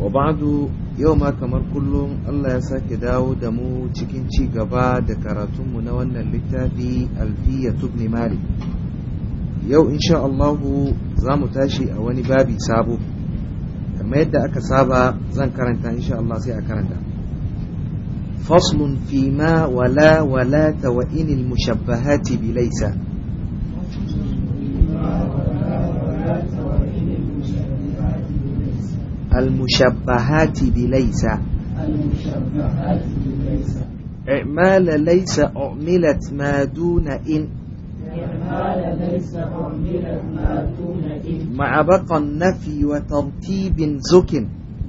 wa ba'du yau ma kamar kullum Allah ya sake dawo da mu cikin ci gaba da karatunmu na wannan littafi alfiya tubni mali yau insha Allahu za mu tashi a wani babi sabo kamar yadda aka saba zan karanta insha Allah sai a karanta faslun fi ma wala walata wa inil mushabbahati bilaisa المشبهات بليس المشبهات بليس إعمال إيه، ليس أعملت ما دون إن مع بقى النفي وترتيب زك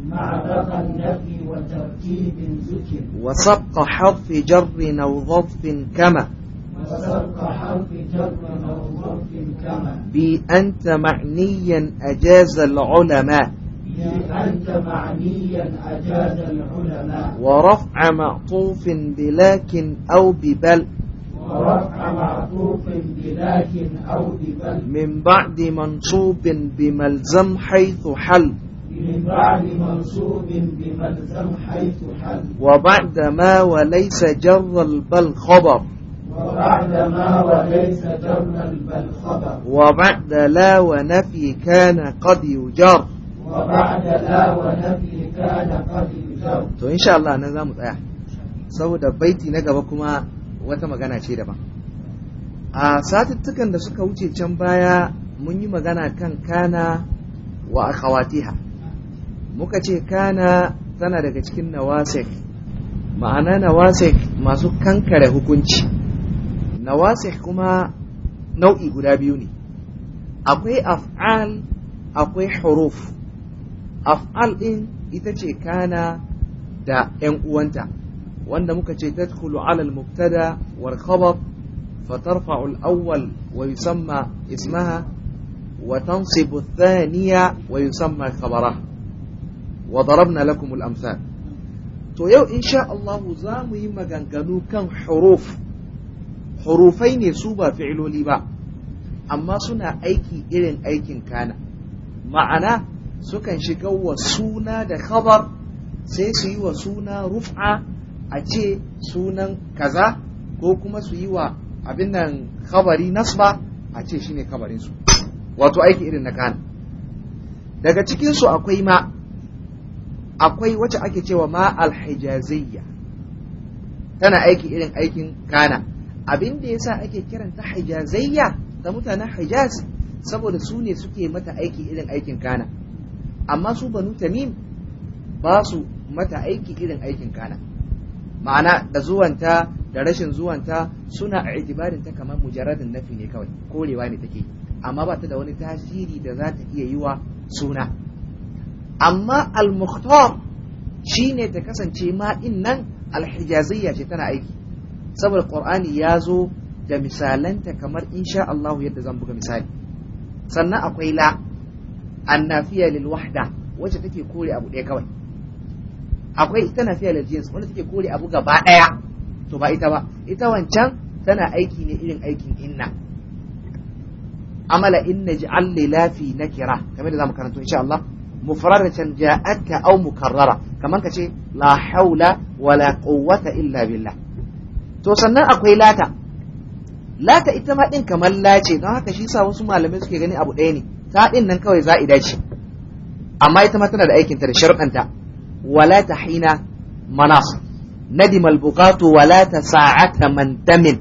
مع بقى النفي وترتيب وسبق حرف جر أو ظرف كما وسبق حرف جر أو ظرف كما بأنت معنيا أجاز العلماء أنت معنيا أجاز العلماء ورفع معطوف بلكن أو ببل ورفع معطوف بلكن أو ببل من بعد منصوب بملزم حيث حل من بعد منصوب بملزم حيث حل وبعد ما وليس جر البل خبر وبعد ما وليس جر البل خبر وبعد لا ونفي كان قد يجر to insha Allah nan mu tsaya saboda baiti na gaba kuma wata magana ce daban a satuttukan da suka wuce can baya mun yi magana kan kana wa akhawatiha muka ce kana tana daga cikin nawasik ma'ana nawasik masu kankare hukunci nawasik kuma nau'i guda biyu ne akwai af'al akwai huruf af'al ɗin ita ce kana da ‘yan uwanta wanda muka ce tadkhulu ala muktada mubtada wal khabar fa tarfa'u al wa yusamma ismaha wa tansibu thaniya wa yusamma khabara wa darabna lakum to yau insha Allah za mu yi maganganu kan huruf hurufai ne su ba fi'iloli ba amma suna aiki irin aikin kana ma'ana sukan shiga wa suna da khabar sai su yi wa suna rufa a ce sunan kaza ko kuma su yi wa abin nan khabari nasba a ce shi ne su wato aiki irin na kan daga cikinsu akwai ma akwai wacce ake cewa ma alhijaziyya tana aiki irin aikin kana abin da yasa ake kiranta hijaziyya ta mutanen hijaz saboda su ne suke mata aiki irin aikin kana amma su banu tamim ba su mata aiki irin aikin kana ma'ana da zuwanta da rashin zuwanta suna a itibarin ta kamar mujarradin nafi ne kawai korewa ne take amma ba ta da wani tasiri da za ta iya yi wa suna amma al-mukhtar shine ta kasance ma din nan al-hijaziyya ce tana aiki saboda qur'ani ya zo da misalanta kamar insha Allah yadda zan buga misali sannan akwai la annafiya lil wahda wacce take kore abu ɗaya kawai akwai ita nafiya jins wanda take kore abu gaba ɗaya to ba ita ba ita wancan tana aiki ne irin aikin inna amala in naj'al li lafi nakira kamar da zamu karanto insha Allah mufarratan ja'atka aw mukarrara kamar ka ce la haula wala quwwata illa billah to sannan akwai lata lata ita ma kamar lace don haka shi sa wasu malamai suke gani abu ɗaya ne ta din nan kawai za'ida dace. amma ita ma tana da aikin ta da sharuɗanta wala tahina manas nadim al-buqatu wala tasa'ata man tamin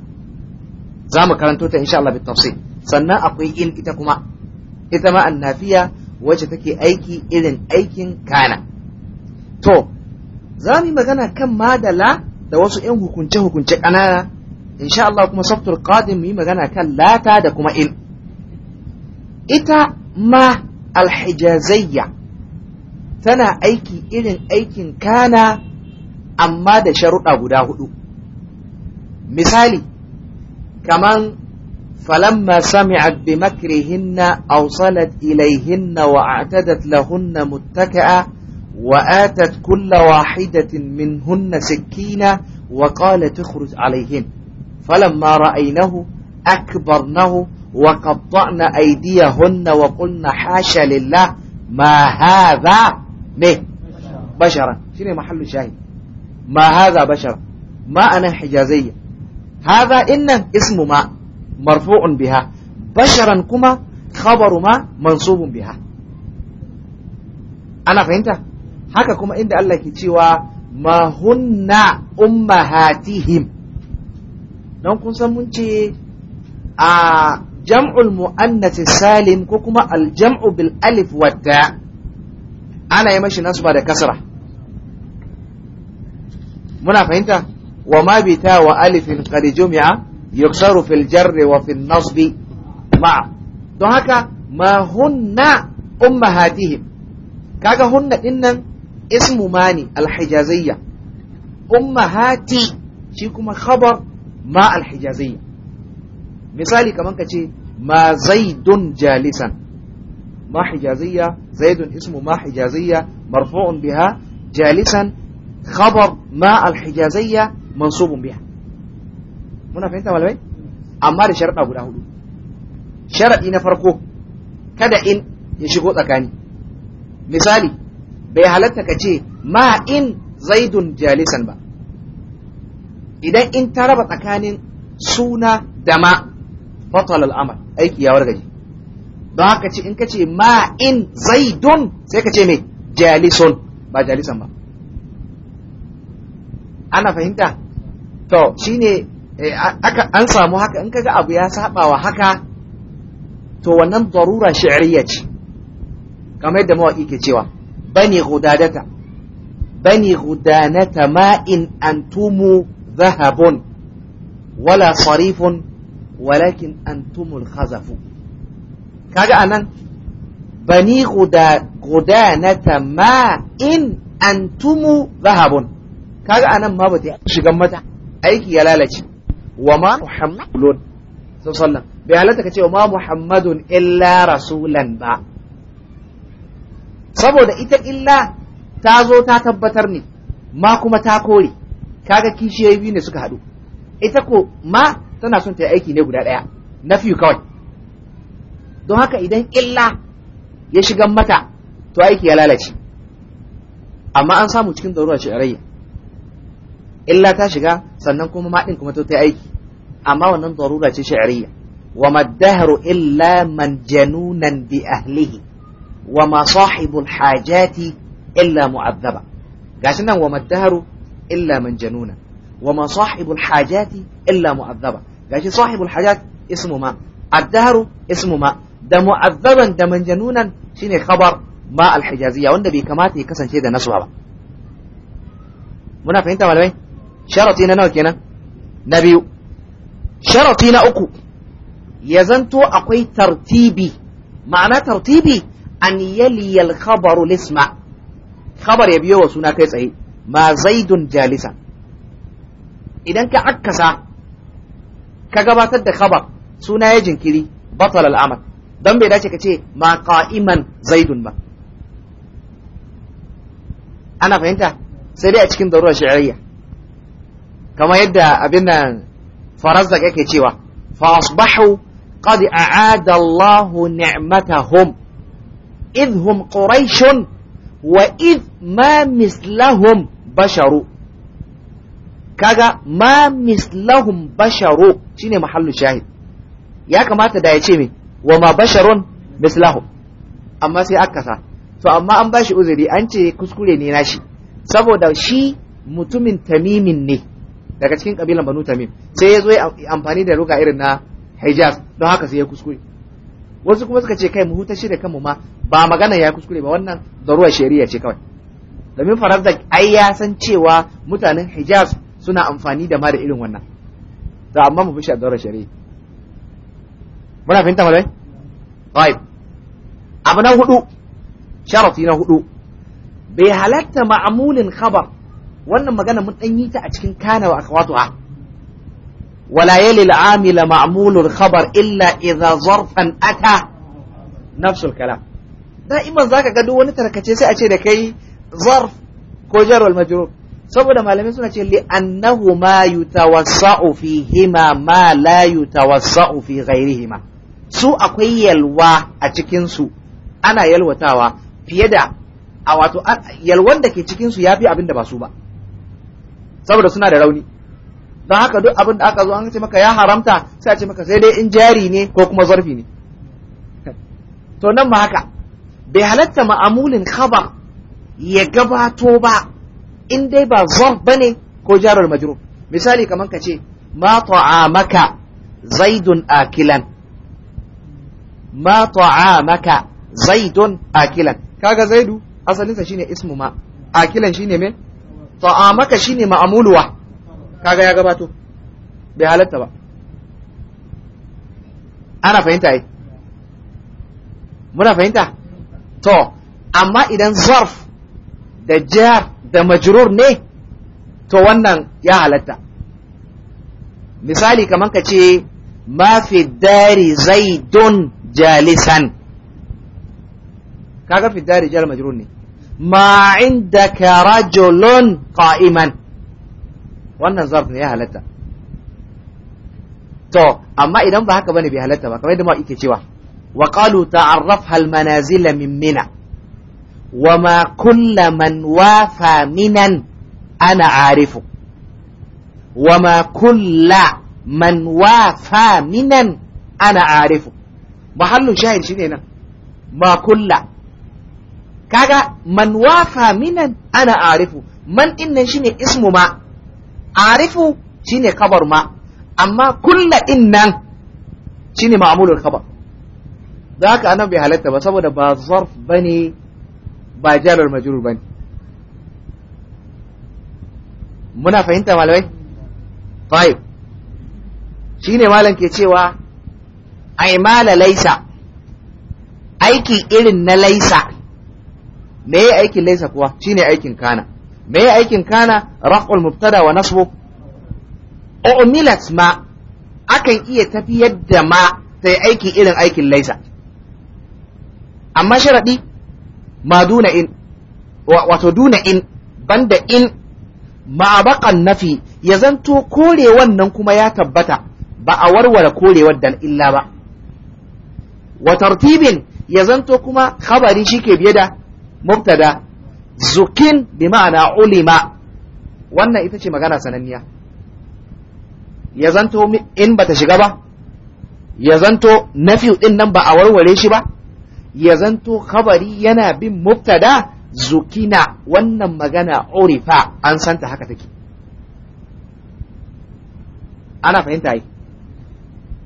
zamu karanto ta insha Allah bitafsil sannan akwai in ita kuma ita ma annafiya wacce take aiki irin aikin kana to za mu yi magana kan madala da wasu 'yan hukunce-hukunce ƙanana insha Allah kuma saftur qadim mu yi magana kan lata da kuma in ita ma alhijazayya tana aiki irin aikin kana amma da sharuɗa guda hudu misali kaman فلما سمعت بمكرهن أوصلت إليهن وأعتدت لهن متكئا وآتت كل واحدة منهن سكينا وقالت اخرج عليهن فلما رأينه أكبرنه wa qatta'na aydiyahunna wa qulna hasha lillah ma hadha me basharan shine mahallu shahid ma hadha bashara ma ana hijaziyya hadha innan ismu ma marfu'un biha basharan kuma khabaru ma mansubun biha ana fahimta haka kuma inda Allah ke cewa ma hunna ummahatihim don kun san mun ce a jam'ul mu'annati salim ko kuma aljam'u bil alif wadda ana yi mashi nasu ba da kasra muna fahimta wa ma bi ta wa alifin qad jumi'a yuksaru fil jarri wa fil nasbi ma don haka ma hunna ummahatihim kaga hunna dinnan ismu mani alhijaziyya ummahati shi kuma khabar ma alhijaziyya misali kamar ka ce ma zaidun jalisan ma zaidun ismu ma hijaziyya marfu'un biha jalisan khabar ma alhijaziyya mansubun biha muna fahimta malamai amma da sharaɗa guda hudu sharaɗi na farko kada in ya shigo tsakani misali bai halatta ka ce ma in zaidun jalisan ba idan in ta raba tsakanin suna da ma fatal al'amal aiki ya wargaje don haka ce in ka ce ma in zaidun sai ka ce mai jalison ba jalisan ba ana fahimta to ne an samu haka in kaga abu ya sabawa haka to wannan darura shi'riya ce kamar yadda mawaƙi ke cewa bani gudanata. bani gudanata ma in antumu zahabun wala sarifun walakin an antumul khazafu kaga anan bani gudanata ma in an antumu zahabun kaga anan ma bata shigan mata aiki ya lalace wa ma muhammadun sallallahu bai halatta kace wa ma muhammadun illa rasulan ba saboda ita illa ta zo ta tabbatar ne ma kuma ta kore kaga kishiyoyi ne suka haɗu ita ko ma tana son ta yi aiki ne guda ɗaya na fiyu kawai don haka idan illa ya shiga mata to aiki ya lalace amma an samu cikin darura ce rayya illa ta shiga sannan kuma maɗin kuma ta aiki amma wannan darura ce sha'ariya wa madahru illa man janunan bi ahlihi wa ma sahibul hajati illa mu'azzaba gashi nan wa madahru illa man januna wa ma sahibul hajati illa mu'azzaba gashi sahibul hajat ismu ma ismuma, ismu ma da mu'azzaban da manjanunan shine khabar ma al-hijaziya wanda bai kamata ya kasance da nasu ba muna fahimta malamai sharati na nawa kenan na biyu sharati na uku ya zanto akwai tartibi ma'ana tartibi an yaliyal khabaru lisma khabar ya biyo wa suna kai tsaye ma zaidun jalisa idan ka akkasa ka gabatar da khabar suna ya jinkiri batal al'amal don bai dace ka ce ma qa'iman zaidun ba ana fahimta sai dai a cikin darurar shi'ariyya kamar yadda abin nan farazdaq yake cewa fa asbahu qad a'ada Allahu ni'matahum idh hum quraish wa idh ma mislahum basharu kaga ma mislahum basharu shine mahallu shahid ya kamata da ya ce me wa ma basharun mislahum amma sai akasa, to amma an bashi uzuri an ce kuskure ne nashi saboda shi mutumin tamimin ne daga cikin kabilan banu tamim sai ya zo ya amfani da ruga irin na hijaz don haka sai ya kuskure wasu kuma suka ce kai mu huta shi da kanmu ma ba magana ya kuskure ba wannan zaruwa shari'a ce kawai domin farazdak ai ya san cewa mutanen hijaz suna amfani da ma da irin wannan to amma mu fi a daura shari'a muna fahimta malai طيب abu na hudu sharafi na hudu bai halatta ma'amulin khabar wannan magana mun dan yi ta a cikin kana wa a wala yali al-amil ma'mulul khabar illa idza zarfan ata nafsul kalam da'iman zaka ga duk wani tarkace sai a ce da kai zarf ko jarwal majrur saboda malamai suna ce li annahu ma yutawassa'u hima ma la yutawassa'u fi ghairihima su akwai yalwa a cikin su ana yalwatawa fiye da a wato yalwan da ke cikin su yafi abin da ba su ba saboda suna da rauni don haka duk abin da aka zo an ce maka ya haramta sai a ce maka sai dai in jari ne ko kuma zarfi ne to nan ma haka bai halatta ma'amulin khabar ya gabato ba in dai ba ba ne ko jarar majiro misali kamar ka ce ma ta'amaka zaidun akilan ma ta'amaka zaidun akilan kaga zaidu asalinsa shine ismu ma akilan shine me ta'amaka shine ma'amuluwa kaga ya gabato bai halatta ba ana fahimta ai muna fahimta to amma idan zarf da jar da majrur ne to wannan ya halatta misali kamar ka ce ma fi dari zaidun jalisan kaga fi dari jal majrur ne ma indaka rajulun qa'iman wannan zarf ne ya halatta to amma idan ba haka bane bai halatta ba kamar yadda ma cewa wa qalu ta'arrafha al-manazila min mina wa ma kulla man wafa minan ana arifu wa ma shine nan ma kaga man wafa minan ana arifu man din nan shine ismu ma arifu shine kabar ma amma kulla din nan shine ma'mulul kabar da haka anan bai halarta ba saboda ba zarf bane ba jarar ba ne. muna fahimta malamai five ne malam ke cewa aimala laisa aiki irin na laisa me yi aikin laisa kuwa shine aikin kana me yi aikin kana raqul mubtada wa nasbu umilat ma akan iya tafiyar da ma sai aiki irin aikin laisa amma sharaɗi ma duna in wato duna in banda in ma'abakan nafi ya zanto korewan nan kuma ya tabbata ba a warware korewar dan illa ba wa tartibin ya zanto kuma khabari shike biye da mubtada zukin bi ma'ana ulima wannan ita ce magana sananniya ya zanto in bata shiga ba ya zanto nafi din nan ba a warware shi ba ya zanto khabari yana bin mubtada zukina wannan magana urifa an santa haka take ana fahimta yi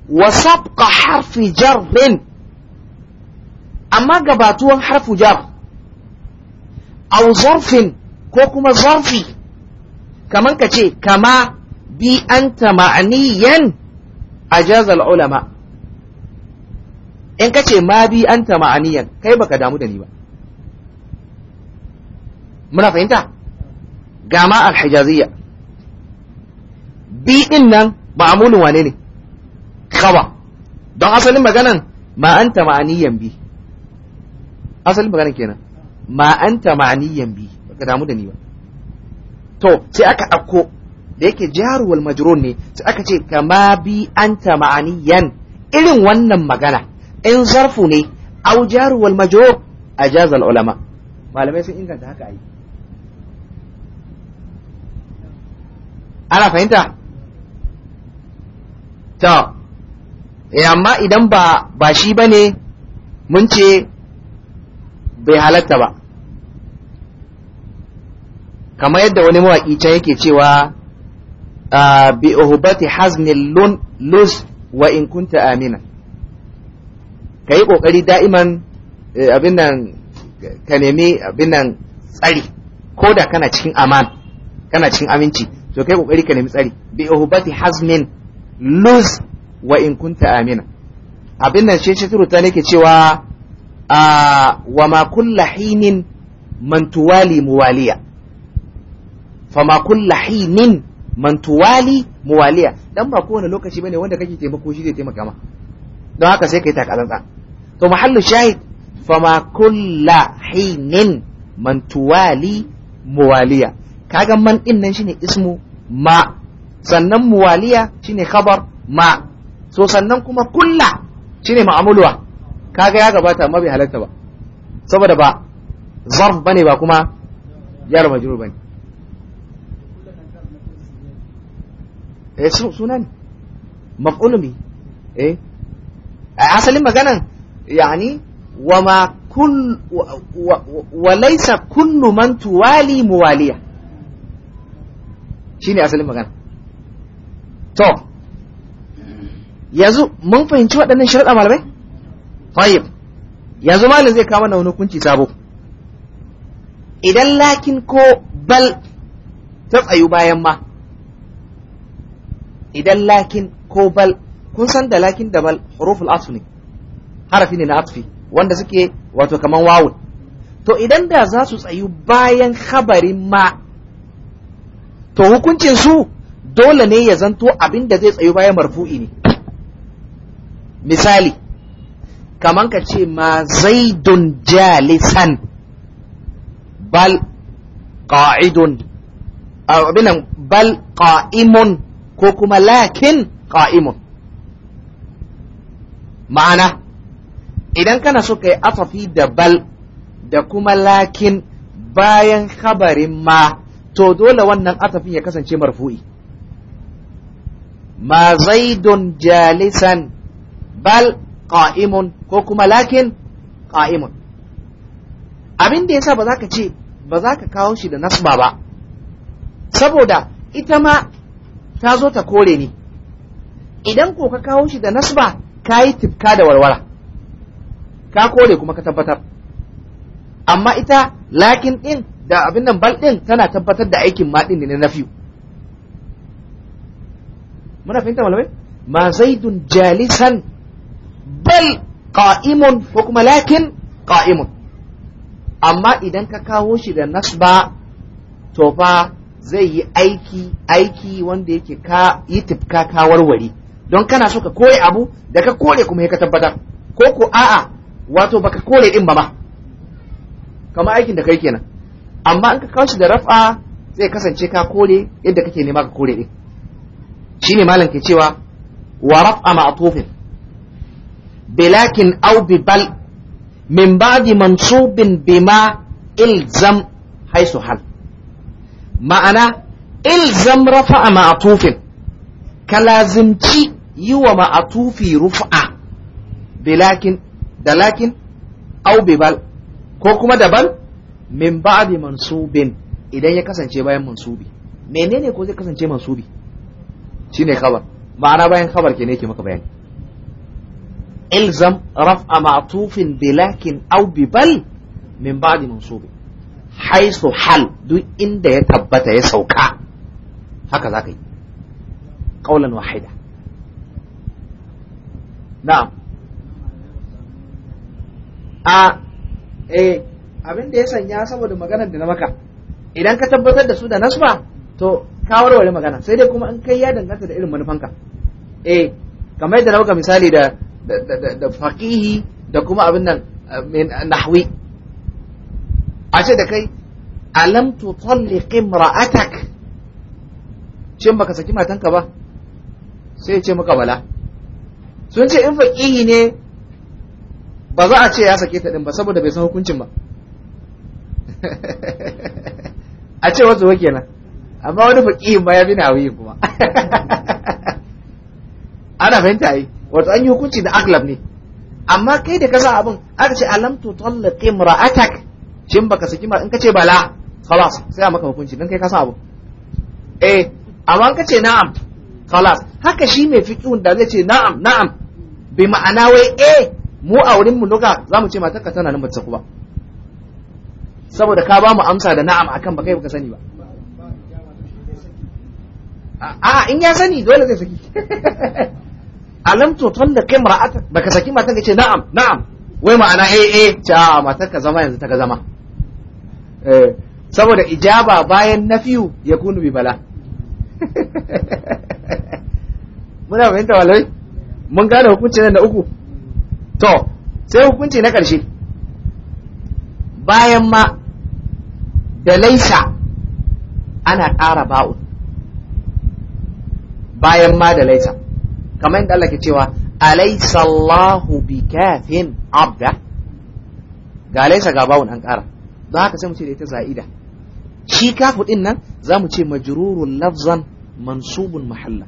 wa sabqa harfi jarrin amma gabatuwan harfu jar aw zarfin ko kuma zarfi kaman ka ce kama bi anta ma'aniyan ajazal ulama in ka ce ma bi anta ma'aniyan kai ba ka damu da ni ba muna fahimta ga ma bi din nan ba ma'amulin wane ne kawa don asalin maganan ma anta ma'aniyan bi asalin maganan kenan ma anta ma'aniyan bi ba ka damu da ni ba to sai aka akko da yake jaruwal majiron ne sai aka ce kama bi anta ma'aniyan irin wannan magana in zarfu ne au jaru wal a ajazal ulama malamai sun inganta haka ai ana fahimta ta eh, amma idan ba ba shi bane mun ce bai halatta ba kamar yadda wani mawaƙi can yake cewa ah, bi uhubati hazmin lun luz wa in kunta amina ka yi ƙoƙari da'iman eh, abin nan ka nemi abin nan tsari ko da kana cikin aman kana cikin aminci to kai kokari ka nemi tsari bi uhubati hazmin luz wa in kunta amina abin nan shi shi turuta ne ke cewa a wa ma kulla hinin man tuwali muwaliya fa ma kulla hinin man tuwali muwaliya dan ba kowane lokaci bane wanda kake taimako shi zai taimaka ma don haka sai kai takalantsa to mahallu shahid fama kulla hinin man tuwali muwaliya kaga man din nan shine ismu ma sannan muwaliya shine khabar ma so sannan kuma kulla shine ma'amulwa kaga ya gabata amma bai halatta ba saboda ba zarf bane ba kuma yar majrur bane eh sunan maf'ulun bi eh asalin maganan يعني وما كل وليس كل من توالي مواليه shine asalin magana to yanzu mun fahimci waɗannan sharuɗa malamai tayyib yanzu malam zai kawo mana wani hukunci sabo idan lakin ko bal ta tsayu bayan ma idan lakin ko bal kun san da lakin da bal huruful asli ne harafi ne na atfi wanda suke wato kaman wawun to idan da za su tsayu bayan khabarin ma to hukuncin su dole ne ya zanto abin da zai tsayu bayan marfu'i ne misali kaman ka ce ma zaidun jalisan bal qa'idun abinan bal qa'imun ko kuma lakin qa'imun ma'ana idan kana so ka yi afafi da bal da kuma lakin bayan khabarin ma to dole wannan atafin ya kasance marfu'i ma zaidun jalisan bal qa'imun ko kuma lakin qa'imun abin da yasa ba za ka ce ba za ka kawo shi da nasba ba saboda ita ma ta zo ta kore ni idan ko ka kawo shi da nasba ka yi tifka da warwara ka kore kuma ka tabbatar amma ita lakin din da abin nan bal din tana tabbatar da aikin ma din ne na nafi muna fahimta malamai ma zaidun jalisan bal qa'imun ko kuma lakin qa'imun amma idan ka kawo shi da nasba to fa zai yi aiki aiki wanda yake ka yi tifka ka warware don kana so ka kore abu da ka kore kuma ya ka tabbatar ko ko a'a wato baka kore din ba ma kamar aikin da kai kenan amma an ka kawo da raf'a zai kasance ka kore yadda kake nema ka kore din shine malam ke cewa wa raf'a ma'tufin bilakin aw bi bal min ba'di mansubin bima ilzam haisu hal ma'ana ilzam rafa'a ma'tufin ka lazimci yi wa ma'atufi rufa'a bilakin da lakin aubibal ko kuma daban min ba'di mansubin idan ya kasance bayan mansubi menene ko zai kasance mansubi shine khabar ma'ana bayan khabar ke ne yake maka bayani ilzam raf'a ma'tufin bilakin au bibal min ba'di mansubin haisu hal duk inda ya tabbata ya sauka haka za ka yi ƙaunar wahida na'am a eh abin da ya sanya saboda maganar da na maka idan ka tabbatar da su da nasba to ka warware magana sai dai kuma in kai ya danganta da irin manufanka eh kamar da na maka misali da da faqihi da kuma abin nan eh, nahwi a ce da kai alam talliq imra'atak shin baka saki matanka ba sai ya ce maka bala sun ce in faqihi ne ba za a ce ya sake ta din ba saboda bai san hukuncin ba a ce wasu wake nan amma wani faƙihin ma ya bi na wuyi kuma ana fahimta yi wato an yi hukunci da aklab ne amma kai da kaza abin aka ce alam tu tallaqi imra'atak shin baka saki ma in ka ce bala khalas sai a maka hukunci dan kai ka sa abu eh amma ka ce na'am khalas haka shi mai fiqhun da zai ce na'am na'am bi ma'ana wai eh mu a wurin mu duka za mu ce matarka tana nan bata ba saboda ka ba mu amsa da na'am akan ba kai baka sani ba a in ya sani dole zai saki alam to da kai mar'ata baka saki matarka ce na'am na'am wai ma'ana eh eh ta matarka zama yanzu ta ga zama eh saboda ijaba bayan nafiyu ya kunu bi bala muna fahimta walai mun gane hukuncin nan na uku to sai hukunci na ƙarshe bayan ma da laisa ana ƙara ba'u bayan ma da laisa kamar yadda Allah ke cewa alaysa Allahu bikafin abda ga laisa ga ba'u an ƙara don haka sai mu ce da ita za'ida shi kafu din nan za mu ce majrurun lafzan mansubun mahalla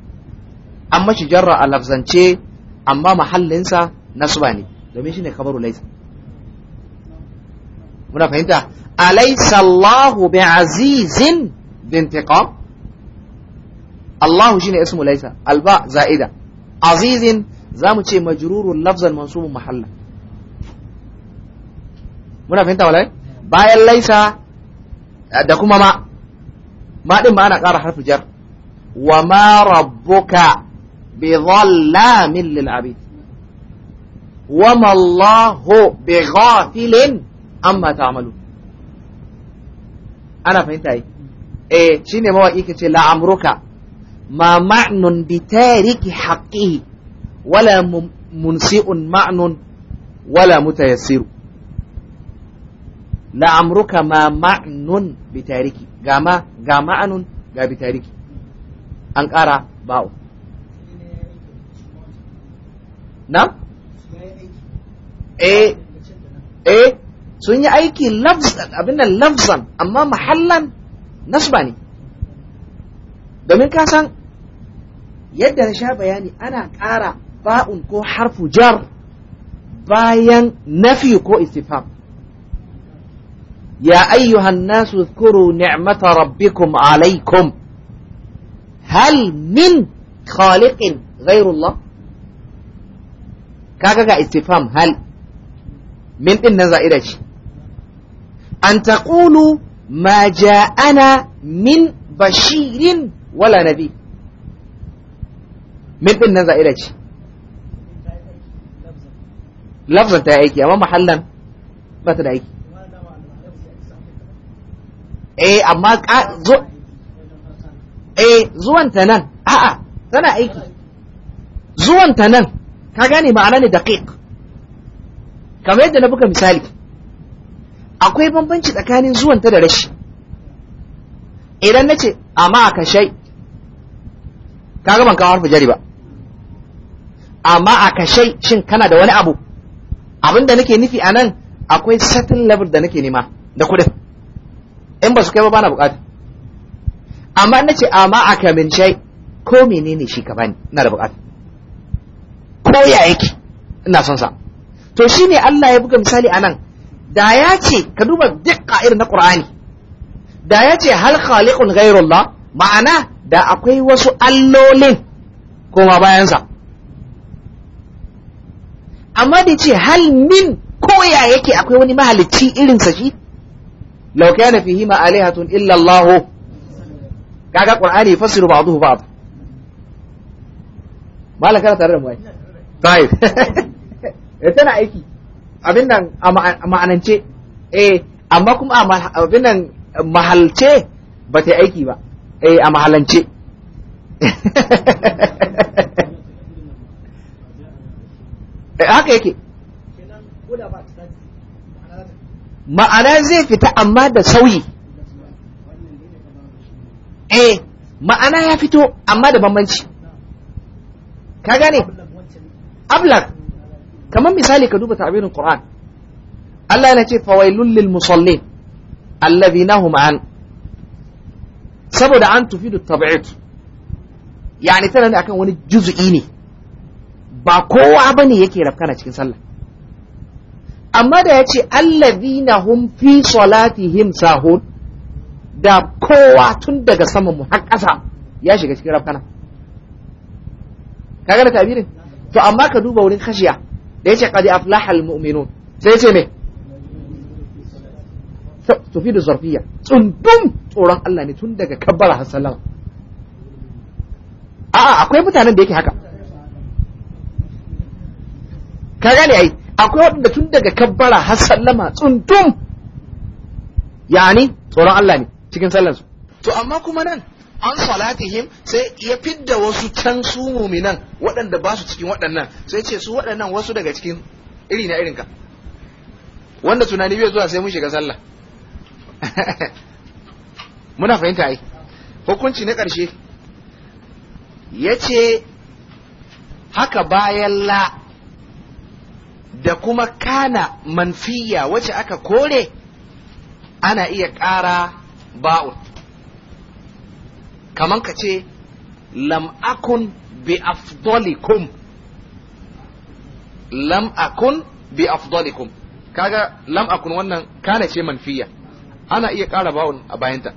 amma shi jarra a lafzance amma mahallinsa nasba ne domin shine kabaru laisa muna fahimta alaysa Allahu bi'azizin bintiqam Allahu shine ismu laisa alba za'ida azizin zamu ce majrurun lafzan mansubun mahalla muna fahimta walai bayan laisa da kuma ma ma din ma ana ƙara harfi jar wa ma rabbuka bi dhallamin lil abid wa mallahu filin ghafilin amma ta'malu ana fahimta yi eh shine mawaki kace la amruka ma ma'nun bi tariki haqqihi wala munsi'un ma'nun wala mutayassiru la amruka ma ma'nun bi tariki ga ma ga ga bi tariki an ƙara ba'u na eh eh sun yi aiki lafzan abin lafzan amma mahallan nasba ne domin kasan yadda na sha bayani ana ƙara ba'un ko harfu jar bayan nafi ko istifam ya ayyuhan nasu zkuru ni'mata rabbikum alaikum hal min khaliqin ghairullah kaga ga istifam hal min din nan za'ida ce an taqulu ma ja'ana min bashirin wala nabi min din nan za'ida ce lafzan ta aiki amma mahallan ba ta da aiki eh amma zo eh zuwanta nan a'a tana aiki zuwanta nan ka gane ma'ana ne daqiq kamar yadda na buga misali akwai bambanci tsakanin zuwanta da rashi idan na ce amma a shai Ka gaban kawo harfi jari ba amma a shai shin kana da wani abu abin da nake nufi a nan akwai certain level da nake nema da kudin in ba su kai ba bana bukata amma na ce amma a kamin shai ko menene shi ka bani ina da bukata ko ya yake ina son sa to shine Allah ya buga misali anan da ya ce ka duba dukka irin na Qur'ani da ya ce hal khaliqun ghairullah ma'ana da akwai wasu allolin koma bayansa amma da ce hal min ya yake akwai wani mahalicci irinsa shi law kana fihi ma alihatun illa Allah kaga qur'ani yafsiru ba'dahu ba'd malaka tare da mu ai طيب eh tana aiki abin nan a ma'anance eh amma kuma abin nan mahalce ba ta aiki ba eh a mahalance eh, haka yake ma'ana zai fita amma da sauyi eh ma'ana ya fito amma da bambanci ka gane ablak kamar misali ka duba ta'birin Qur'an Allah yana ce fawailul lil musallin alladhina hum an saboda an tufidu tab'id yani tana ne akan wani juz'i ne ba kowa bane yake rafkana cikin sallah amma da ya ce alladhina hum fi salatihim sahun da kowa tun daga saman mu har ƙasa ya shiga cikin rafkana kaga da tabirin to amma ka duba wurin khashiya da yace qad aflaha mu'minun sai yace me tufidu zarfiya tsundum tsoron Allah ne tun daga kabbara har a a akwai mutanen da yake haka ka gane ai akwai wanda tun daga kabbara har sallama tsundum yani tsoron Allah ne cikin sallarsu to amma kuma nan an salatihim sai ya fidda wasu can su muminan waɗanda ba su cikin waɗannan sai ce su waɗannan wasu daga cikin iri na irinka wanda tunani bai zuwa sai mun shiga sallah muna fahimta ai hukunci na ƙarshe ya ce haka bayan la da kuma kana manfiya wacce aka kore ana iya ƙara ba'ut kamar ka ce lam'akun bi afdalikum Lam'akun bi afdalikum kaga ga lam'akun wannan kana ce manfiya ana iya ƙara bawon a bayanta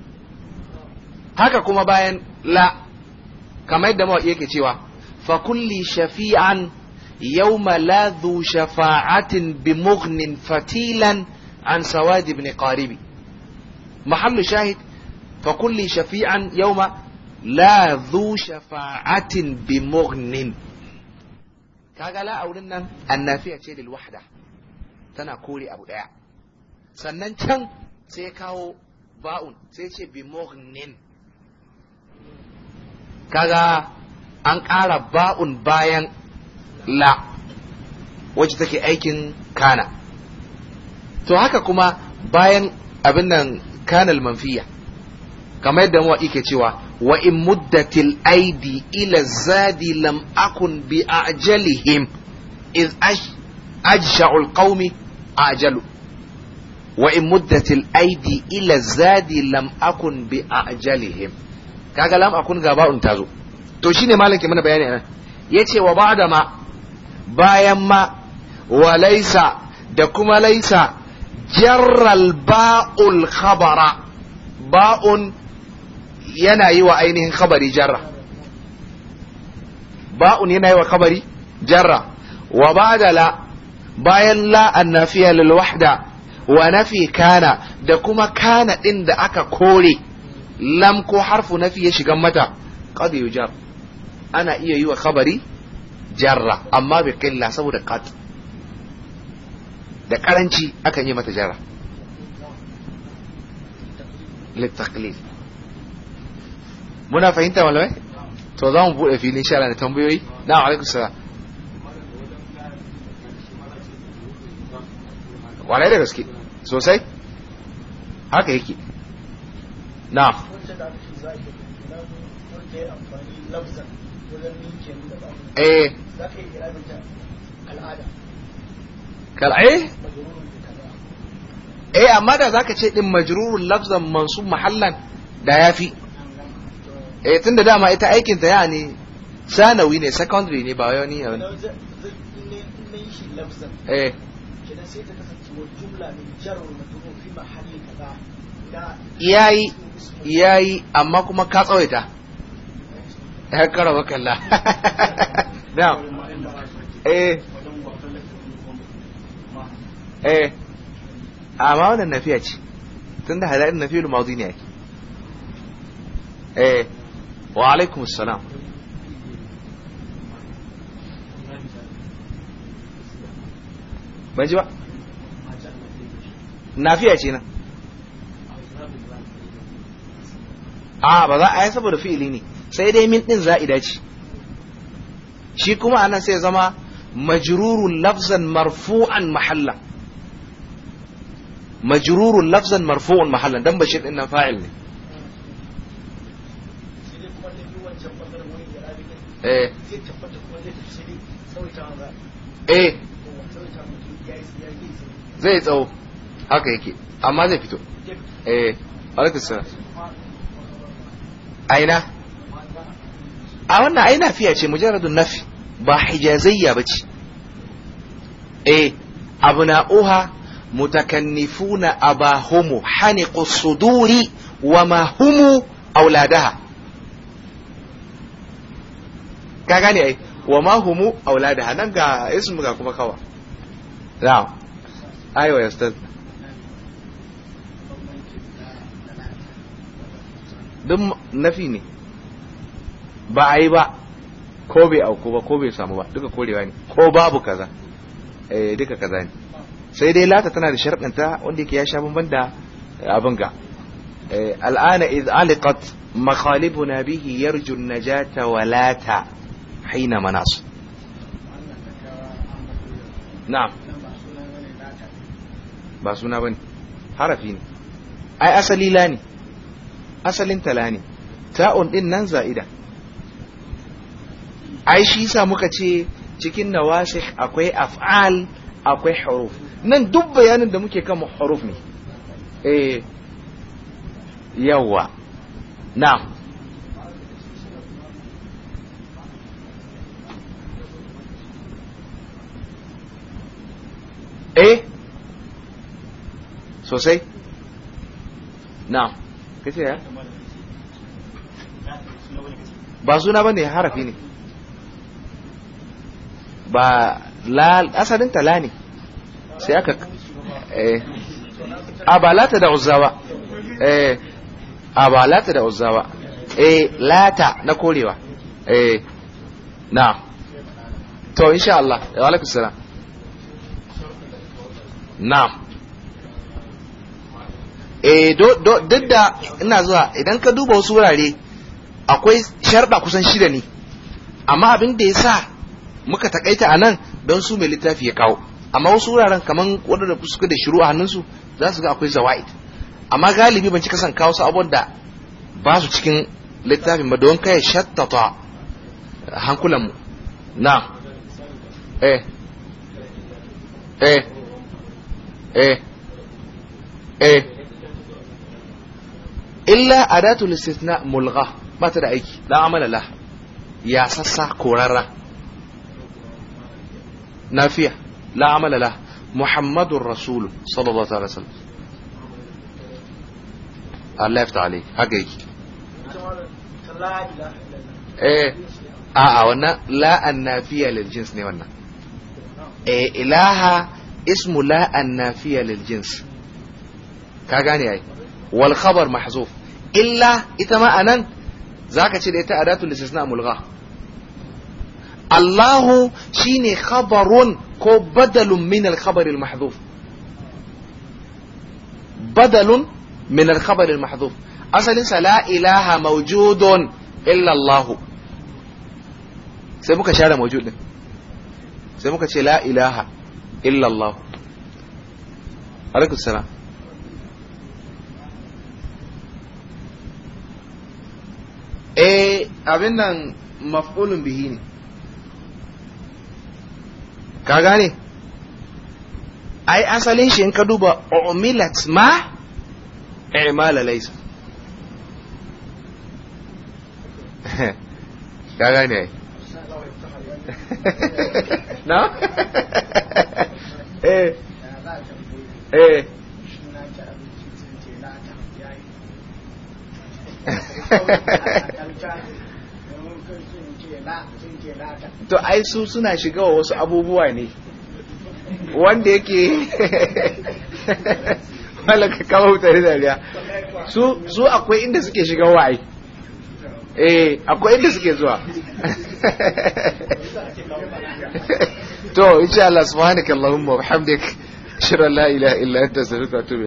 haka kuma bayan la kamar yadda mawaƙi yake cewa fa kulli shafi'an yawma la dhu shafa'atin bi mughnin fatilan an sawad ibn qaribi mahallu shahid fa kulli shafi'an yawma la zu shafa'atin bi mughnin kaga la aurin nan annafiya ce lil wahda tana kore abu daya sannan can sai kawo ba'un sai ce bi mughnin kaga an ƙara ba'un bayan la wacce take aikin kana to haka kuma bayan abin nan kanal manfiya kamar yadda mawaƙi ke cewa wa in muddatil aidi ila zadi lam akun bi ajalihim iz ajsha'ul qaumi ajalu wa in muddatil aidi ila zadi lam akun bi ajalihim kaga lam akun gaba'un tazo to shine malaki mana bayani anan yace wa ba'da ma bayan ma walaisa da kuma laisa jarral ba'ul khabara ba'un yana yi wa ainihin khabari jarra ba'un yana yi wa khabari jarra wa ba'da la bayan la annafiya lil wahda wa nafi kana da kuma kana din da aka kore lam ko harfu nafi ya shiga mata qad yujar ana iya yi wa khabari jarra amma bi qilla saboda qad da karanci akan yi mata jarra للتقليل muna fahimta malamai to za mu buɗe filin shara da tambayoyi na alaikun sara walai da gaske sosai haka yake na eh kal'ai eh? eh amma da za ka ce ɗin majrurul lafzan mansub mahallan da ya fi. eh tun da dama ita aikin ta yani sanawi ne secondary ne ba wani eh. wani yi yayi yi amma kuma ka ta ya kara a ma na'am eh ce eh. amma wannan nafiya ce na hadarin da madi ne ake. eh wa alaikum salam ban ji ba nafiya ce nan a ba za a yi saboda fi'ili ne sai dai min din za'ida ce shi kuma anan sai zama majrurun lafzan marfu'an mahalla majrurun lafzan marfu'un mahallan dan bashir din nan fa'il ne eh eh zai tsawo haka yake amma zai fito eh alaikusa aina a wannan aina fiya ce mujarradun nafi ba hijazayya ba ce eh abna'uha mutakannifuna abahum haniqu kusuduri wa mahumu humu auladaha ka gane ai wa ma humu auladaha nan ga ismu ga kuma kawa na'am ya stad dum nafi ne ba a yi ba ko bai auku ba ko bai samu ba duka korewa ne ko babu kaza eh duka kaza ne sai dai lata tana da sharɗinta wanda yake ya sha bamban da eh, abin ga eh, al'ana iz aliqat makhalibuna bihi yarju najata walata haina manas na'am ba suna bane harafi ne ai asali la ne asalin tala ne ta'un din nan za'ida ai shi sa muka ce cikin nawasikh akwai af'al akwai haruf. nan duk bayanin da muke kan huruf ne eh yawa na'am sosai na kace ya ba suna bane harafi ne ba asalin tala ne sai aka eh abalata da uzzawa eh abalata da uzawa eh lata na korewa eh na to insha Allah wa alaikum salam na'am eh duk da ina zuwa idan ka duba wasu wurare akwai sharba kusan shida ne amma abin da ya sa muka takaita a nan don su mai littafi ya kawo amma wasu wuraren kamar waɗanda suka da shiru a hannunsu za su ga akwai zawa'id amma galibi ban cika san kawo su abubuwan da ba su cikin littafin ba don kai shattata hankulanmu na eh eh eh eh illa a adatul istithna mulgha ba ta da aiki la amala la ya sassa korarra nafiya la amala la muhammadur rasul sallallahu alaihi wasallam Allah ya fita alai haka yake eh a'a wannan la an-nafiya lil jins ne wannan eh ilaha ismu la an-nafiya lil jins ka gane ai wal khabar illa ita ma anan zaka ce da ita adatul istisna mulgha Allahu shine khabarun ko badalun min al khabar al mahzuf min al khabar al asalin sa la ilaha mawjudun illa Allah sai muka share mawjud muka ce la ilaha illa eh abin nan maf'ulun bihi ne ka gane ai asalin shi in ka duba umilat ma i'mala laysa ka gane na eh eh to ai su suna shiga wa wasu abubuwa ne wanda yake malaka kawo da dariya su su akwai inda suke shiga wa'ai eh akwai inda suke zuwa to insha Allah Allahumma wa bihamdika shira la ilaha illa anta astaghfiruka wa atubu